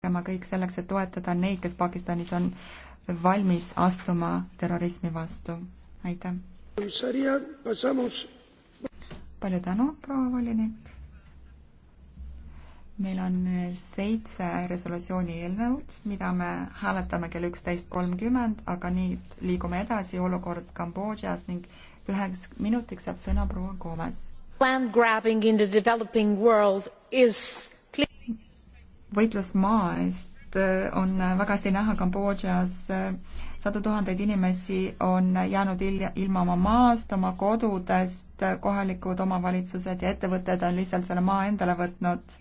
tegema kõik selleks, et toetada neid, kes Pakistanis on valmis astuma terrorismi vastu. aitäh! palju tänu, proua volinik! meil on seitse resolutsiooni eelnõud, mida me hääletame kell üksteist kolmkümmend, aga nüüd liigume edasi, olukord Kambodžas ning üheks minutiks saab sõna proua Gomes. Land grabbing in the developing world is võitlus maa eest äh, on äh, väga hästi näha Kambodžas. Äh, sadu tuhandeid inimesi on jäänud ilma oma maast, oma kodudest, kohalikud omavalitsused ja ettevõtted on lihtsalt selle maa endale võtnud.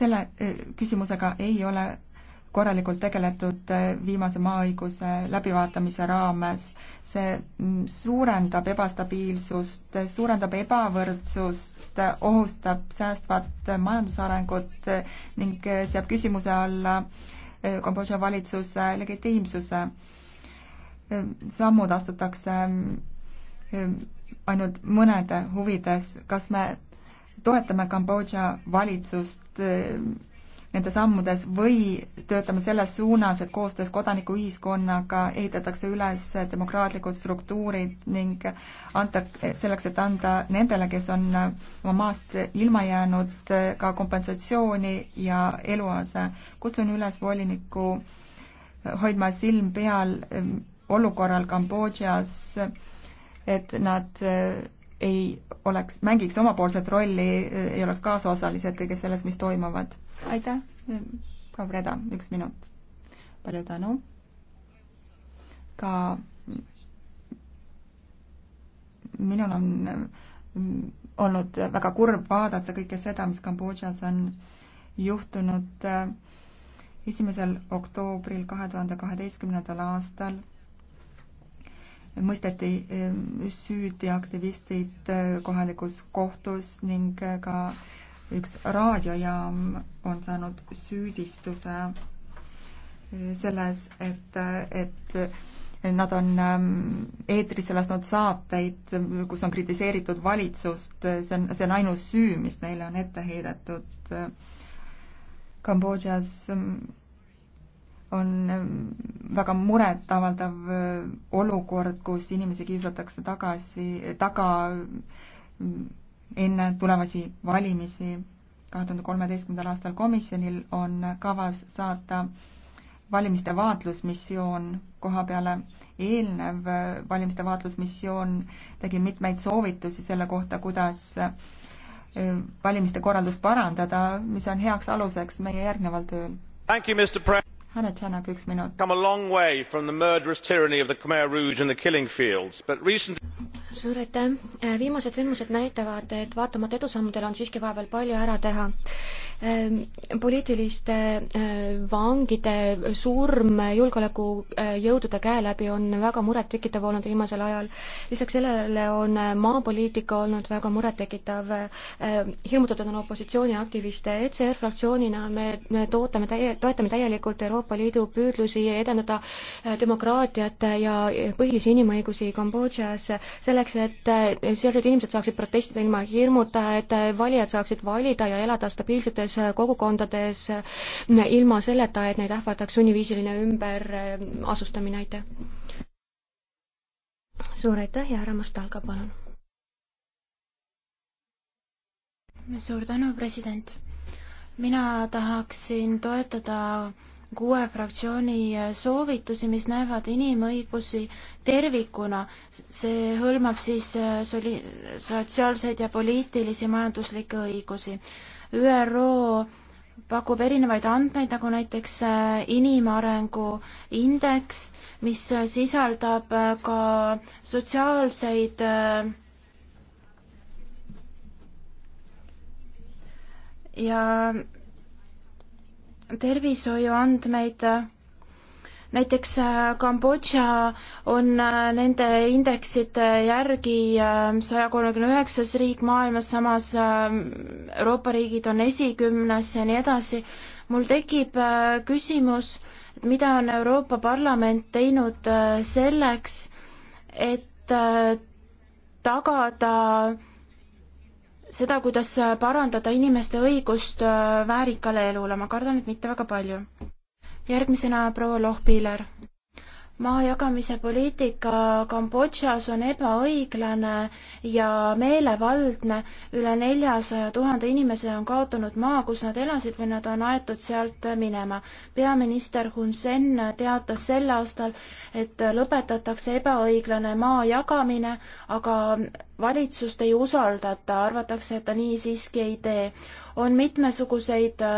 selle küsimusega ei ole korralikult tegeletud eh, viimase maaõiguse läbivaatamise raames. see mm, suurendab ebastabiilsust, suurendab ebavõrdsust, ohustab säästvat majandusarengut eh, ning eh, seab küsimuse alla Kambodža valitsuse legitiimsuse. sammud astutakse ainult mõnede huvides, kas me toetame Kambodža valitsust nende sammudes või töötame selles suunas, et koostöös kodanikuühiskonnaga ehitatakse üles demokraatlikud struktuurid ning anta, selleks, et anda nendele, kes on oma maast ilma jäänud, ka kompensatsiooni ja eluase. kutsun üles volinikku hoidma silm peal ehm, olukorral Kambodžas, et nad eh, ei oleks, mängiks omapoolset rolli, eh, ei oleks kaasosalised kõiges selles, mis toimuvad aitäh, proua Breda, üks minut. palju tänu. ka minul on mm, olnud väga kurb vaadata kõike seda, mis Kambodžas on juhtunud äh, esimesel oktoobril kahe tuhande kaheteistkümnendal aastal mõisteti äh, süüdi aktivistid äh, kohalikus kohtus ning ka üks raadiojaam on saanud süüdistuse selles, et, et nad on ähm, eetrisse lasknud saateid, kus on kritiseeritud valitsust, see on, see on ainus süü, mis neile on ette heidetud. Kambodžas ähm, on ähm, väga muretavaldav äh, olukord, kus inimesi kiusatakse tagasi, taga enne tulevasi valimisi kahe tuhande kolmeteistkümnendal aastal komisjonil on kavas saata valimiste vaatlusmissioon koha peale. eelnev valimiste vaatlusmissioon tegi mitmeid soovitusi selle kohta, kuidas äh, valimiste korraldust parandada, mis on heaks aluseks meie järgneval tööl härra Tšanak, üks minut. Come a long way from the murderous tyranny of the Khmer Rouge and the killing fields, but recent suur aitäh, äh, viimased sündmused näitavad, et vaatamata edusammudele on siiski vaja veel palju ära teha. Ähm, poliitiliste äh, vangide surm julgeolekujõudude käe läbi on väga murettekitav olnud viimasel ajal. lisaks sellele on äh, maapoliitika olnud väga murettekitav. hirmutatud on opositsiooniaktiviste, ECR fraktsioonina me, me tootame täie, toetame täielikult Euroopa Euroopa Liidu püüdlusi edendada äh, demokraatiat ja põhilisi inimõigusi Kambodžas, selleks et äh, sealsed inimesed saaksid protestida ilma hirmuta, et äh, valijad saaksid valida ja elada stabiilsetes kogukondades ilma selleta, et neid ähvardaks sunniviisiline ümberasustamine, aitäh! suur aitäh ja härra Mustalka, palun! suur tänu, president! mina tahaksin toetada kuue fraktsiooni äh, soovitusi, mis näevad inimõigusi tervikuna. see hõlmab siis äh, soli-, sotsiaalseid ja poliitilisi majanduslikke õigusi. ÜRO pakub erinevaid andmeid, nagu näiteks äh, inimarengu indeks, mis sisaldab ka sotsiaalseid ja tervishoiuandmeid. näiteks äh, Kambodža on äh, nende indeksite järgi äh, saja kolmekümne üheksas riik maailmas, samas Euroopa riigid on esikümnes ja nii edasi. mul tekib küsimus, et mida on Euroopa Parlament teinud selleks, et tagada seda, kuidas parandada inimeste õigust äh, väärikale elule, ma kardan, et mitte väga palju. järgmisena proua Lohpiller. maa jagamise poliitika Kambodžas on ebaõiglane ja meelevaldne. üle neljasaja tuhande inimese on kaotanud maa, kus nad elasid või nad on aetud sealt minema. peaminister Hun Sen teatas sel aastal, et lõpetatakse ebaõiglane maa jagamine, aga valitsust ei usaldata, arvatakse, et ta nii siiski ei tee. on mitmesuguseid äh,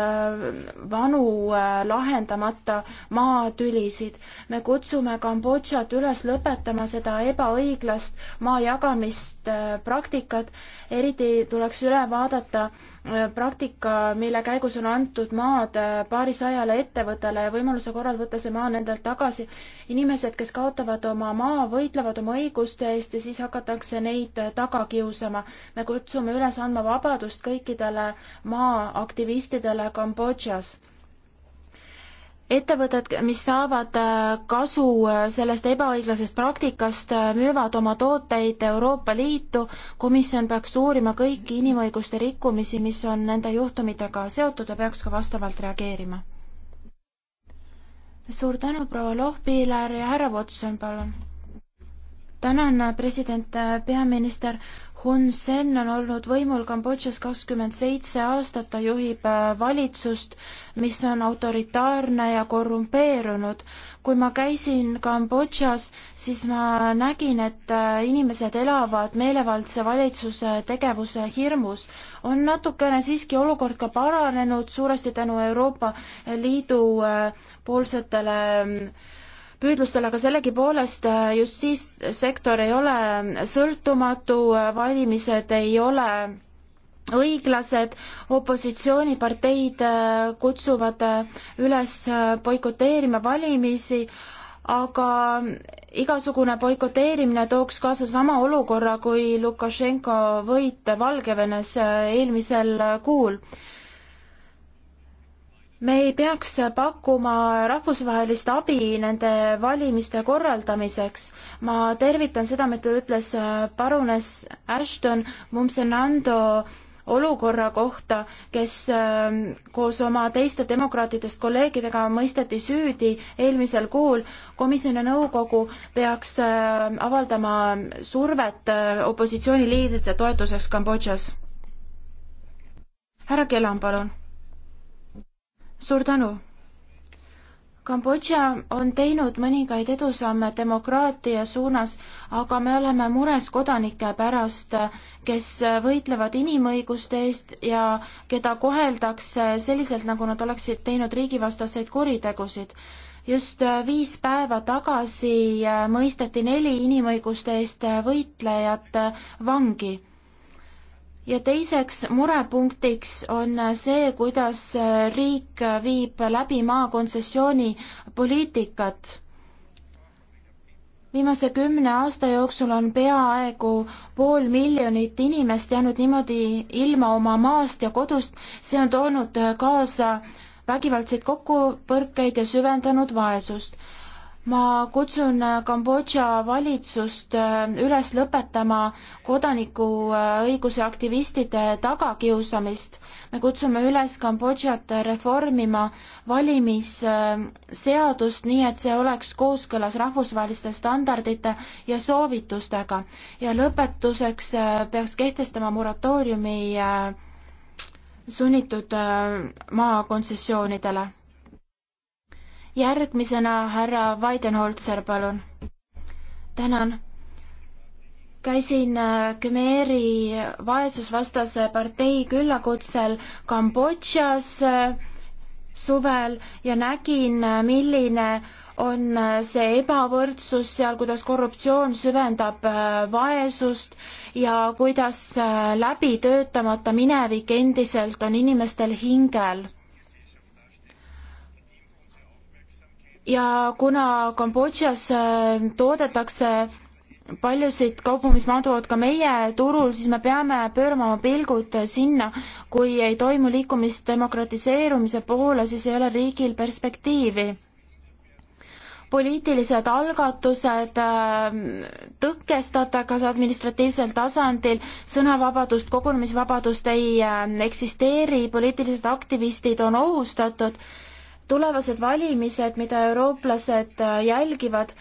vanu äh, lahendamata maatülisid. me kutsume Kambodžat üles lõpetama seda ebaõiglast maa jagamist äh, praktikat, eriti tuleks üle vaadata Äh, praktika, mille käigus on antud maad äh, paarisajale ettevõttele ja võimaluse korral võtta see maa nendelt tagasi. inimesed, kes kaotavad oma maa, võitlevad oma õiguste eest ja siis hakatakse neid äh, taga kiusama. me kutsume üles andma vabadust kõikidele maaaktivistidele Kambodžas ettevõtted, mis saavad äh, kasu äh, sellest ebaõiglasest praktikast, äh, müüvad oma tooteid Euroopa Liitu. komisjon peaks uurima kõiki inimõiguste rikkumisi, mis on nende juhtumitega seotud ja peaks ka vastavalt reageerima. suur tänu, proua Lohpiiler ja härra Votson, palun tänan, äh, president, äh, peaminister. Hun Sen on olnud võimul Kambodžas kakskümmend seitse aastat, ta juhib äh, valitsust, mis on autoritaarne ja korrumpeerunud. kui ma käisin Kambodžas, siis ma nägin, et inimesed elavad meelevaldse valitsuse tegevuse hirmus. on natukene siiski olukord ka paranenud, suuresti tänu Euroopa Liidu poolsetele äh, püüdlustel, aga sellegipoolest äh, justiitssektor ei ole sõltumatu, äh, valimised ei ole õiglased, opositsiooniparteid äh, kutsuvad üles boikoteerima valimisi, aga igasugune boikoteerimine tooks kaasa sama olukorra kui Lukašenko võit Valgevenes eelmisel kuul me ei peaks pakkuma rahvusvahelist abi nende valimiste korraldamiseks. ma tervitan seda, mida ütles äh, parunes Ashton Mumsenando olukorra kohta, kes ähm, koos oma teiste demokraatidest kolleegidega mõisteti süüdi eelmisel kuul. komisjon ja nõukogu peaks ähm, avaldama survet äh, opositsiooniliidrite toetuseks Kambodžas. härra Kelam, palun suur tänu! Kambodža on teinud mõningaid edusamme demokraatia suunas, aga me oleme mures kodanike pärast, kes võitlevad inimõiguste eest ja keda koheldakse selliselt, nagu nad oleksid teinud riigivastaseid kuritegusid. just viis päeva tagasi mõisteti neli inimõiguste eest võitlejat vangi ja teiseks murepunktiks on see, kuidas riik viib läbi maakontsessiooni poliitikat. viimase kümne aasta jooksul on peaaegu pool miljonit inimest jäänud niimoodi ilma oma maast ja kodust, see on toonud kaasa vägivaldseid kokkupõrkeid ja süvendanud vaesust ma kutsun äh, Kambodža valitsust äh, üles lõpetama kodanikuõiguse äh, aktivistide tagakiusamist. me kutsume üles Kambodžat reformima valimisseadust nii, et see oleks kooskõlas rahvusvaheliste standardite ja soovitustega. ja lõpetuseks peaks kehtestama moratooriumi sunnitud maakontsessioonidele järgmisena härra Weidenholzer, palun. tänan. käisin äh, Khmeri vaesusvastase partei küllakutsel Kambodžas äh, suvel ja nägin, äh, milline on see ebavõrdsus seal, kuidas korruptsioon süvendab vaesust ja kuidas läbi töötamata minevik endiselt on inimestel hingel ja kuna Kambodžas äh, toodetakse paljusid kaupu, mis maduvad ka meie turul, siis me peame pöörama oma pilgud äh, sinna. kui ei toimu liikumist demokratiseerumise poole, siis ei ole riigil perspektiivi. poliitilised algatused äh, tõkestatakse administratiivsel tasandil, sõnavabadust, kogunemisvabadust ei eksisteeri, poliitilised aktivistid on ohustatud tulevased valimised, mida eurooplased äh, jälgivad,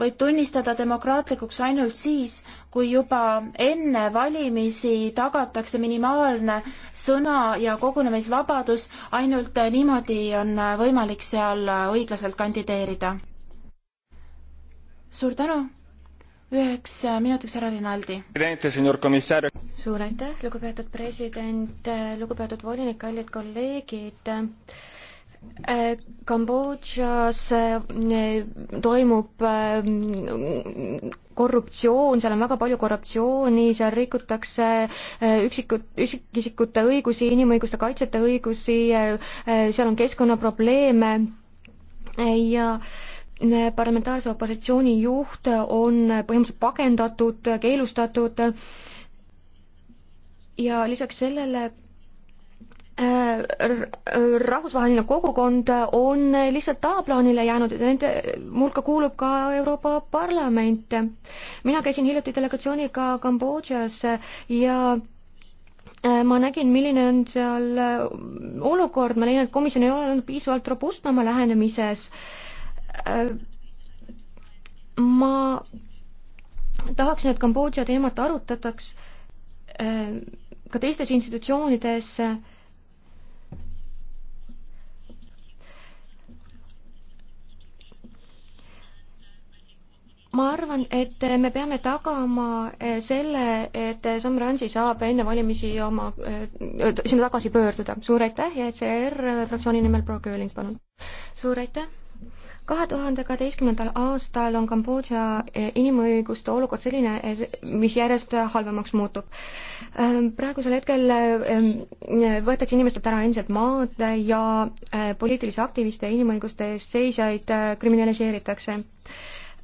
võib tunnistada demokraatlikuks ainult siis, kui juba enne valimisi tagatakse minimaalne sõna- ja kogunemisvabadus, ainult äh, niimoodi on äh, võimalik seal õiglaselt kandideerida. suur tänu, üheks minutiks härra Rinaldi. suur aitäh, lugupeetud president, lugupeetud volinik, kallid kolleegid Kambodžas eh, toimub eh, korruptsioon, seal on väga palju korruptsiooni, seal rikutakse eh, üksikud, üksikisikute õigusi, inimõiguste kaitsjate õigusi, seal on keskkonnaprobleeme ja parlamentaarse opositsiooni juht on põhimõtteliselt pagendatud, keelustatud ja lisaks sellele Äh, rahvusvaheline kogukond on lihtsalt tahaplaanile jäänud, nende hulka kuulub ka Euroopa Parlament. mina käisin hiljuti delegatsiooniga Kambodžas ja äh, ma nägin, milline on seal äh, olukord, ma leian, et komisjon ei ole olnud piisavalt robustne oma lähenemises. ma tahaksin, et Kambodža teemat arutataks ka teistes institutsioonides ma arvan, et me peame tagama eh, selle, et Sam Ransi saab enne valimisi oma, eh, sinna tagasi pöörduda. suur aitäh ja ECR fraktsiooni nimel proua Kööling, palun. suur aitäh. kahe tuhande kaheteistkümnendal aastal on Kambodža eh, inimõiguste olukord selline, mis järjest halvemaks muutub. praegusel hetkel võetakse inimestelt ära endiselt maad ja poliitilisi aktiviste ja inimõiguste eest seisjaid kriminaliseeritakse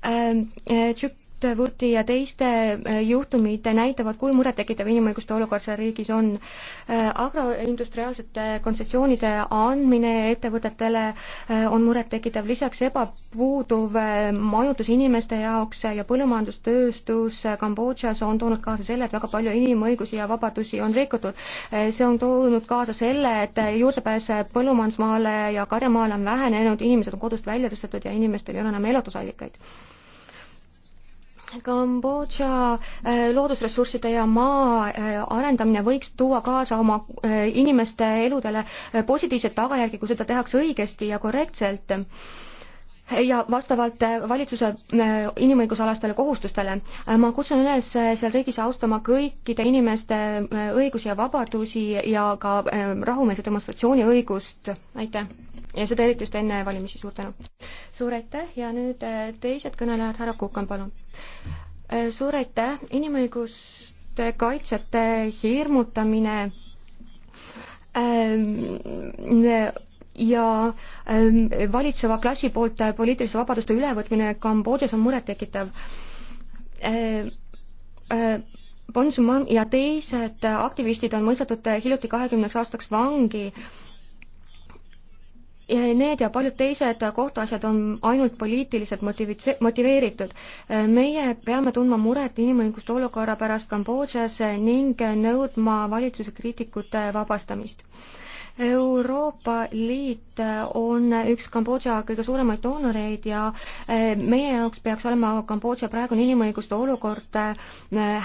Ähm, äh, Tšuktvuti ja teiste äh, juhtumid näitavad, kui murettekitav inimõiguste olukord seal riigis on. Äh, agroindustriaalsete kontsessioonide andmine ettevõtetele on murettekitav, lisaks ebapuuduv majutus inimeste jaoks ja põllumajandustööstus Kambodžas on toonud kaasa selle, et väga palju inimõigusi ja vabadusi on rikutud. see on toonud kaasa selle, et juurdepääs põllumajandusmaale ja karjamaale on vähenenud, inimesed on kodust välja tõstetud ja inimestel ei ole enam elatusallikaid Kambodža äh, loodusressursside ja maa äh, arendamine võiks tuua kaasa oma äh, inimeste eludele positiivseid tagajärgi, kui seda tehakse õigesti ja korrektselt ja vastavalt äh, valitsuse äh, inimõigusalastele kohustustele. Äh, ma kutsun üles seal riigis austama kõikide inimeste õigusi ja vabadusi ja ka rahumeelse demonstratsiooni õigust, aitäh. ja seda eriti just enne valimisi, suur tänu. suur aitäh ja nüüd teised kõnelejad, härra Kukan, palun. suur aitäh, inimõiguste kaitsjate hirmutamine ähm, ja ähm, valitseva klassi poolt äh, poliitiliste vabaduste ülevõtmine Kambodžas on murettekitav äh,. Äh, Bonsuman ja teised aktivistid on mõistetud äh, hiljuti kahekümneks aastaks vangi. Need ja paljud teised kohtuasjad on ainult poliitiliselt motivi-, motiveeritud. Äh, meie peame tundma muret inimõiguste olukorra pärast Kambodžas ning nõudma valitsuse kriitikute vabastamist Euroopa Liit on üks Kambodža kõige suuremaid doonoreid ja eh, meie jaoks peaks olema Kambodža praegune inimõiguste olukord eh,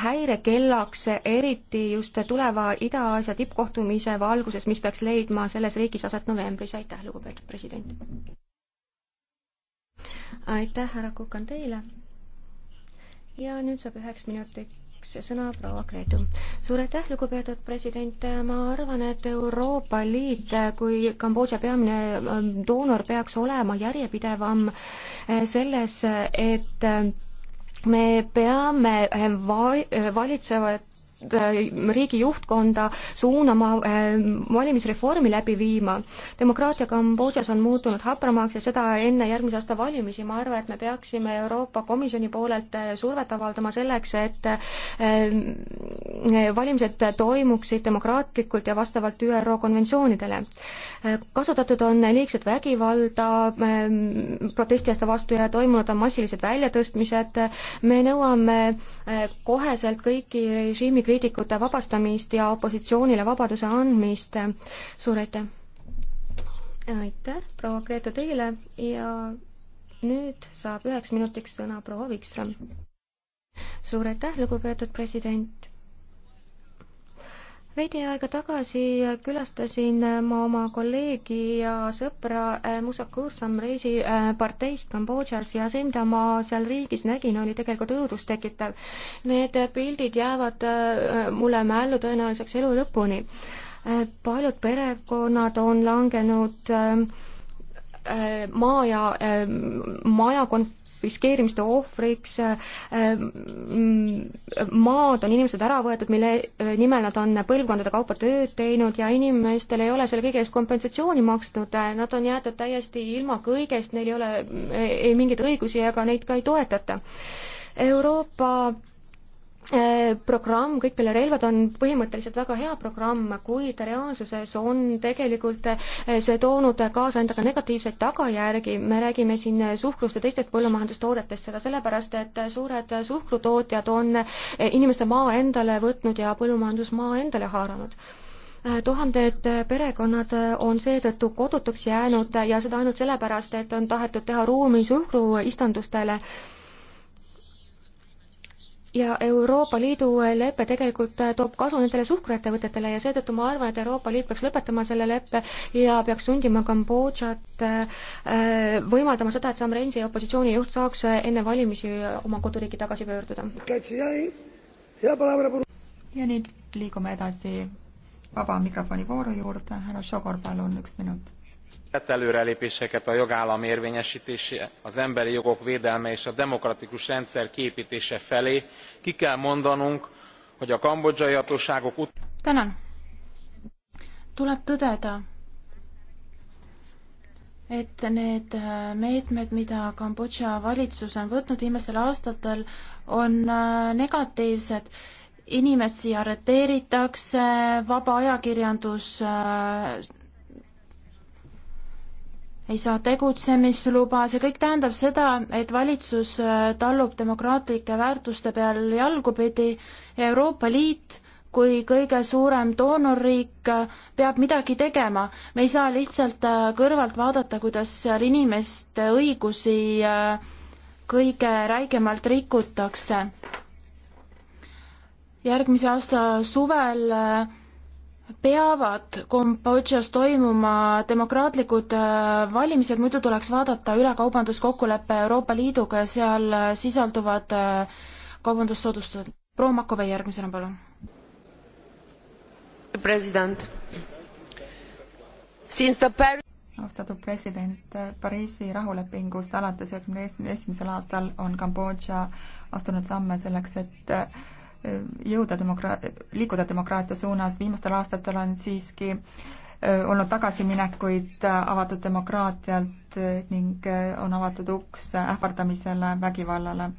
häirekellaks, eriti just tuleva Ida-Aasia tippkohtumise valguses, mis peaks leidma selles riigis aset novembris, aitäh, lugupeetud president! aitäh, härra Kukan, teile! ja nüüd saab üheks minutiks järgmiseks sõna proua Gretu. suur aitäh, lugupeetud president, ma arvan, et Euroopa Liit kui Kambodža peamine ähm, doonor peaks olema järjepidevam äh, selles, et äh, me peame äh, valitsevat Äh, riigi juhtkonda suunama äh, valimisreformi läbi viima. demokraatia Kambodžas on muutunud hapramaks ja seda enne järgmise aasta valimisi, ma arvan, et me peaksime Euroopa Komisjoni poolelt äh, survet avaldama selleks, et valimised toimuksid demokraatlikult ja vastavalt ÜRO konventsioonidele. kasutatud on liigset vägivalda protestijaste vastu ja toimunud on massilised väljatõstmised, me nõuame koheselt kõiki režiimi kriitikute vabastamist ja opositsioonile vabaduse andmist. suur aitäh! aitäh, proua Gretu teile ja nüüd saab üheks minutiks sõna proua Vikström. suur aitäh, lugupeetud president! veidi aega tagasi külastasin ma oma kolleegi ja sõpra äh, Musakur Samreisi äh, parteist Kambodžas ja see, mida ma seal riigis nägin, oli tegelikult õudust tekitav. Need pildid jäävad äh, mulle mällu tõenäoliseks elu lõpuni. paljud perekonnad on langenud maa ja maja konf-, konfiskeerimiste ohvriks, äh, äh, maad on inimesed ära võetud, mille äh, nimel nad on põlvkondade kaupa tööd teinud ja inimestele ei ole selle kõige eest kompensatsiooni makstud, nad on jäetud täiesti ilma kõigest, neil ei ole ei mingeid õigusi ega neid ka ei toetata. Euroopa Äh, programm Kõik peale relvad on põhimõtteliselt väga hea programm, kuid reaalsuses on tegelikult äh, see toonud kaasa endaga negatiivseid tagajärgi, me räägime siin suhkrust ja teistest põllumajandustoodetest, seda sellepärast, et suured suhkrutootjad on äh, inimeste maa endale võtnud ja põllumajandusmaa endale haaranud tuhanded perekonnad on seetõttu kodutuks jäänud ja seda ainult sellepärast, et on tahetud teha ruumi suhkruistandustele ja Euroopa Liidu lepe tegelikult äh, toob kasu nendele suhkruettevõtetele ja seetõttu ma arvan, et Euroopa Liit peaks lõpetama selle leppe ja peaks sundima Kambodžat äh, võimaldama seda, et Sam Rainsy opositsiooni juht saaks äh, enne valimisi oma koduriiki tagasi pöörduda. ja nüüd liigume edasi vaba mikrofoni vooru juurde, härra Šogor, palun üks minut tett előrelépéseket a jogállam érvényestése az emberi jogok védelme és a demokratikus rendszer kiéptése felé ki kell mondanunk hogy a kambodzsai hatóságok. tänan! tuleb tõdeda et need äh, meetmed mida kambodzsa valitsus on võtnud viimastel aastatel on äh, negatiivsed inimesi arreteeritakse vaba ajakirjandus äh, ei saa tegutsemisluba, see kõik tähendab seda, et valitsus äh, tallub demokraatlike väärtuste peal jalgupidi ja Euroopa Liit kui kõige suurem doonorriik äh, peab midagi tegema. me ei saa lihtsalt äh, kõrvalt vaadata, kuidas seal inimeste õigusi kõige räigemalt rikutakse. järgmise aasta suvel peavad Kambodžas toimuma demokraatlikud äh, valimised, muidu tuleks vaadata üle kaubanduskokkulepe Euroopa Liiduga ja seal äh, sisalduvad äh, kaubandussoodustused. proua Makovei järgmisena, palun. president. austatud president, Pariisi rahulepingust alates üheksakümne esimesel aastal on Kambodža astunud samme selleks, et jõuda demokra-, liikuda demokraatia suunas, viimastel aastatel on siiski olnud tagasiminekuid avatud demokraatialt ning on avatud uks ähvardamisele, vägivallale.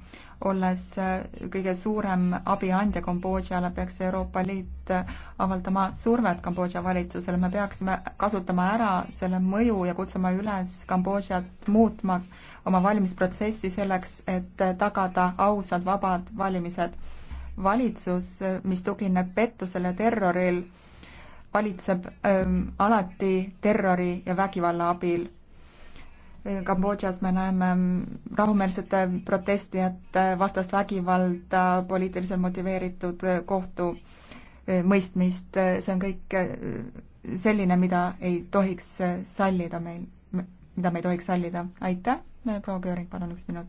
olles kõige suurem abiandja Kambodžale, peaks Euroopa Liit avaldama survet Kambodža valitsusele, me peaksime kasutama ära selle mõju ja kutsuma üles Kambodžat muutma oma valimisprotsessi selleks, et tagada ausad, vabad valimised valitsus, mis tugineb pettusele, terroril, valitseb ähm, alati terrori ja vägivalla abil. Kambodžas me näeme ähm, rahumeelsete protestijate vastast vägivalda, poliitiliselt motiveeritud äh, kohtu äh, mõistmist, äh, see on kõik selline, mida ei tohiks sallida meil, mida me ei tohiks sallida. aitäh, proua Kööring, palun üks minut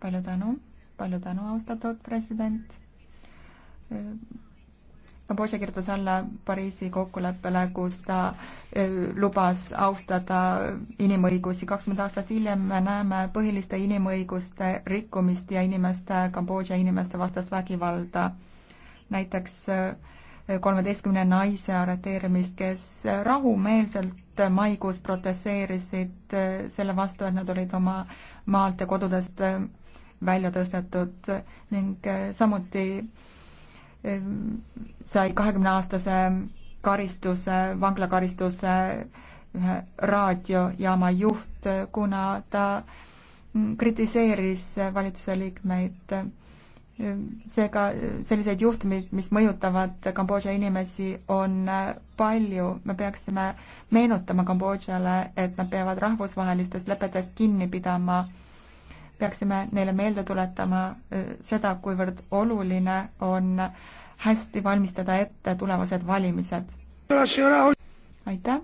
palju tänu, palju tänu, austatud president. Bože kirjutas alla Pariisi kokkuleppele, kus ta e, lubas austada inimõigusi. kakskümmend aastat hiljem me näeme põhiliste inimõiguste rikkumist ja inimeste, Kambodža inimeste vastast vägivalda. näiteks e, kolmeteistkümne naise arreteerimist, kes rahumeelselt maikuus protesteerisid e, selle vastu, et nad olid oma maalt ja kodudest välja tõstetud ning eh, samuti eh, sai kahekümne aastase karistuse, vanglakaristuse eh, ühe raadiojaama juht, kuna ta mm, kritiseeris valitsuse liikmeid. seega selliseid juhtumeid, mis mõjutavad Kambodža inimesi, on palju. me peaksime meenutama Kambodžale, et nad peavad rahvusvahelistest lepetest kinni pidama peaksime neile meelde tuletama äh, seda, kuivõrd oluline on hästi valmistada ette tulevased valimised. aitäh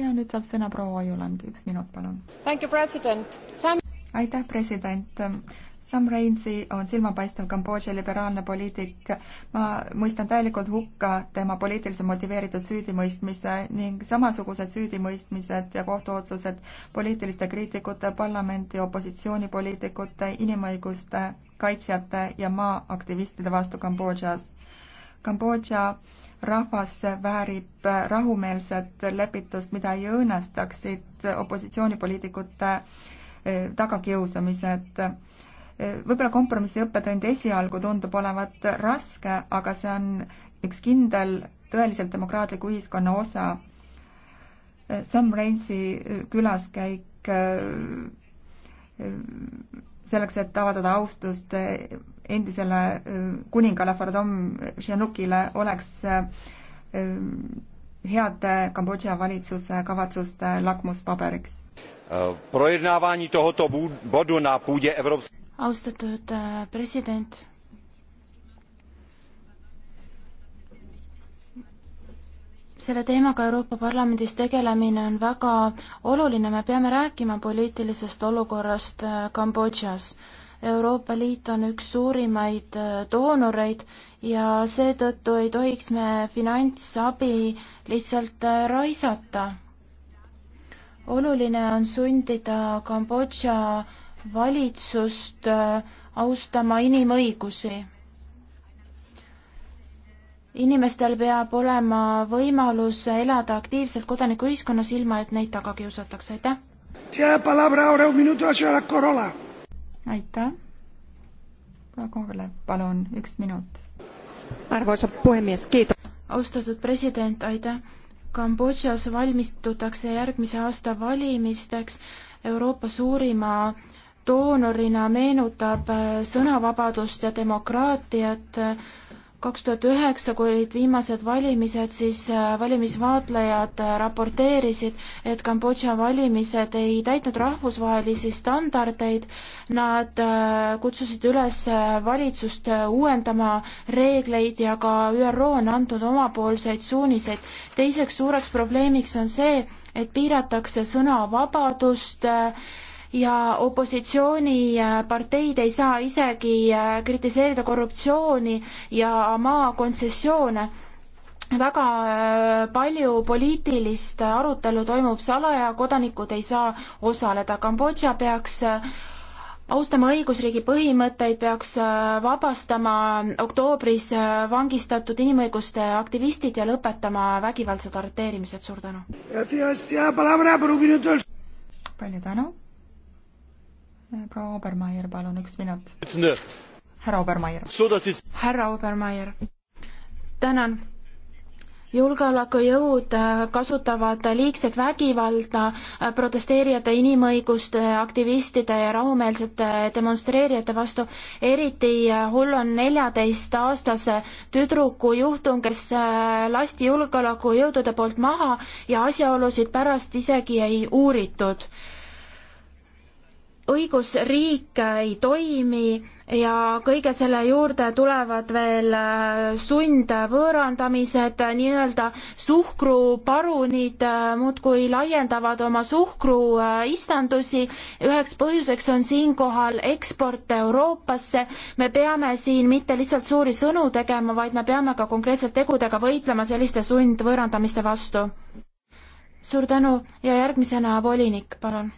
ja nüüd saab sõna proua Ojuland, üks minut palun. aitäh, president Sam.... aitäh, president Sam Rainsi on silmapaistev Kambodža liberaalne poliitik. ma mõistan täielikult hukka tema poliitiliselt motiveeritud süüdimõistmise ning samasugused süüdimõistmised ja kohtuotsused poliitiliste kriitikute, parlamendi, opositsioonipoliitikute, inimõiguste kaitsjate ja maaaktivistide vastu Kambodžas. Kambodža rahvas väärib rahumeelset lepitust, mida ei õõnestaksid opositsioonipoliitikute tagakiusamised võib-olla kompromissi õppetund esialgu tundub olevat raske, aga see on üks kindel tõeliselt demokraatliku ühiskonna osa. Sam Rainsi külaskäik äh, selleks, et avaldada austust endisele äh, kuningale Fardom Sihanoukile, oleks äh, heade Kambodža valitsuse kavatsuste lakmuspaberiks. projednávání tohoto bodu na půdě Evropské austatud äh, president. selle teemaga Euroopa Parlamendis tegelemine on väga oluline, me peame rääkima poliitilisest olukorrast äh, Kambodžas. Euroopa Liit on üks suurimaid äh, doonoreid ja seetõttu ei tohiks me finantsabi lihtsalt raisata. oluline on sundida Kambodža valitsust äh, austama inimõigusi. inimestel peab olema võimalus elada aktiivselt kodanikuühiskonnas, ilma et neid taga kiusatakse, aitäh! aitäh! Praegule palun üks minut. arvoisa puhemies, kiitos! austatud president, aitäh! Kambodžas valmistutakse järgmise aasta valimisteks Euroopa suurima doonorina meenutab äh, sõnavabadust ja demokraatiat. kaks tuhat üheksa, kui olid viimased valimised, siis äh, valimisvaatlejad äh, raporteerisid, et Kambodža valimised ei täitnud rahvusvahelisi standardeid. Nad kutsusid üles valitsust uuendama reegleid ja ka ÜRO on andnud omapoolseid suuniseid. teiseks suureks probleemiks on see, et piiratakse sõnavabadust äh, ja opositsiooniparteid ei saa isegi äh, kritiseerida korruptsiooni ja maakontsessioone. väga äh, palju poliitilist arutelu toimub salaja, kodanikud ei saa osaleda. Kambodža peaks äh, austama õigusriigi põhimõtteid, peaks vabastama oktoobris vangistatud inimõiguste aktivistid ja lõpetama vägivaldsed arreteerimised. suur tänu! palju tänu! proua Obermeier, palun üks minut. härra Obermeier. härra Obermeier, tänan julgeolekujõud äh, kasutavad liigset vägivalda äh, protesteerijate, inimõiguste aktivistide ja rahumeelsete demonstreerijate vastu. eriti äh, hull on neljateistaastase tüdruku juhtum, kes lasti julgeolekujõudude poolt maha ja asjaolusid pärast isegi ei uuritud õigusriik ei toimi ja kõige selle juurde tulevad veel äh, sundvõõrandamised, nii-öelda suhkruparunid äh, muudkui laiendavad oma suhkruistandusi. Äh, üheks põhjuseks on siinkohal eksport Euroopasse. me peame siin mitte lihtsalt suuri sõnu tegema, vaid me peame ka konkreetselt tegudega võitlema selliste sundvõõrandamiste vastu. suur tänu ja järgmisena volinik, palun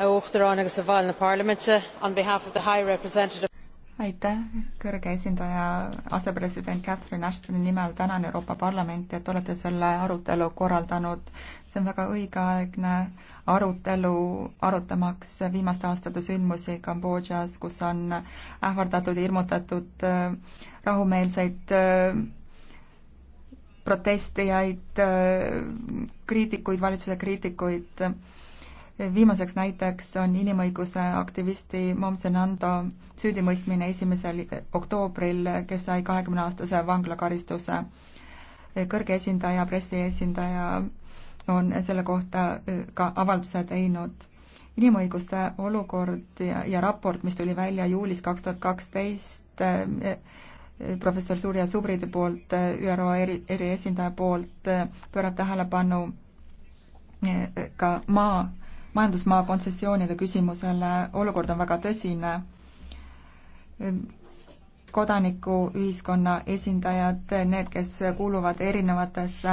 Uh, aitäh, kõrge esindaja, asepresident Catherine Ashtoni nimel tänan Euroopa Parlamenti, et olete selle arutelu korraldanud. see on väga õigeaegne arutelu, arutamaks viimaste aastate sündmusi Kambodžas, kus on ähvardatud, hirmutatud äh, rahumeelseid äh, protestijaid, äh, kriitikuid, valitsuse kriitikuid viimaseks näiteks on inimõiguse aktivisti Momsenando süüdimõistmine esimesel oktoobril, kes sai kahekümne aastase vanglakaristuse. kõrge esindaja, pressiesindaja on selle kohta e, ka avalduse teinud. inimõiguste olukord ja, ja raport, mis tuli välja juulis kaks tuhat kaksteist, e, e, professor Surja Subride poolt, ÜRO eri, eriesindaja poolt, pöörab tähelepanu ka maa majandusmaa kontsessioonide küsimusele, olukord on väga tõsine. kodanikuühiskonna esindajad, need, kes kuuluvad erinevatesse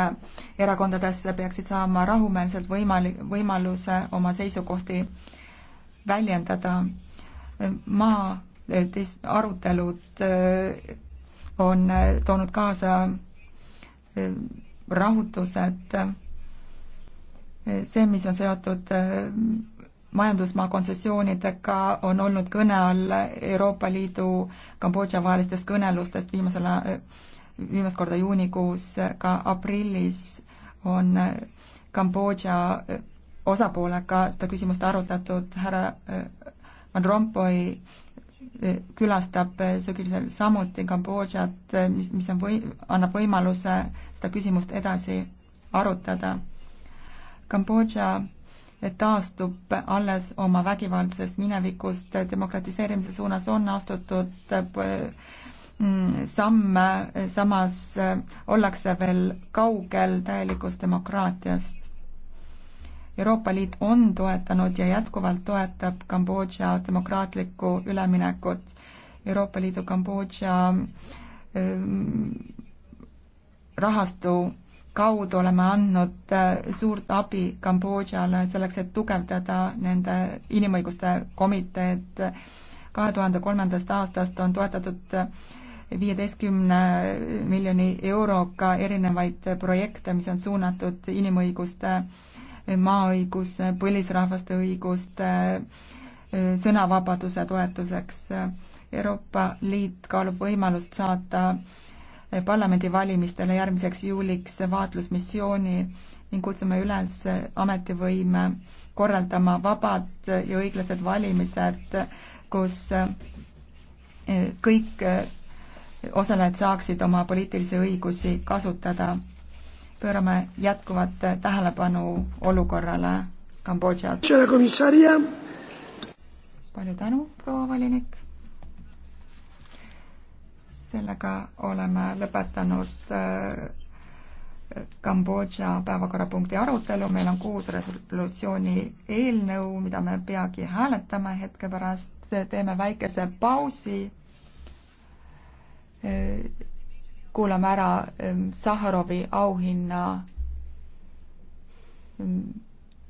erakondadesse, peaksid saama rahumeelselt võimali-, võimaluse oma seisukohti väljendada. maa arutelud äh, on äh, toonud kaasa äh, rahutused see, mis on seotud äh, majandusmaa kontsessioonidega, on olnud kõne all Euroopa Liidu Kambodža vahelistest kõnelustest viimasel, äh, viimast korda juunikuus, ka aprillis on äh, Kambodža osapoolega seda küsimust arutatud, härra Van Rompuy külastab sügisel samuti Kambodžat, mis, mis on või-, annab võimaluse seda küsimust edasi arutada Kambodža taastub alles oma vägivaldsest minevikust, demokratiseerimise suunas on astutud mm, samme, samas eh, ollakse veel kaugel täielikust demokraatiast. Euroopa Liit on toetanud ja jätkuvalt toetab Kambodža demokraatlikku üleminekut. Euroopa Liidu Kambodža eh, rahastu kaudu oleme andnud äh, suurt abi Kambodžale selleks, et tugevdada nende inimõiguste komiteed. kahe tuhande kolmandast aastast on toetatud äh, viieteistkümne miljoni euroga erinevaid projekte, mis on suunatud inimõiguste, maaõiguse, põlisrahvaste õiguste, äh, sõnavabaduse toetuseks. Euroopa Liit kaalub võimalust saata parlamendivalimistele järgmiseks juuliks vaatlusmissiooni ning kutsume üles ametivõime korraldama vabad ja õiglased valimised, kus eh, kõik eh, osalejad saaksid oma poliitilisi õigusi kasutada. pöörame jätkuvat tähelepanu olukorrale Kambodžas. palju tänu, proua volinik sellega oleme lõpetanud äh, Kambodža päevakorrapunkti arutelu, meil on kuus resolutsiooni eelnõu, mida me peagi hääletame hetke pärast, teeme väikese pausi, äh, kuulame ära ähm, Saharovi auhinna ähm,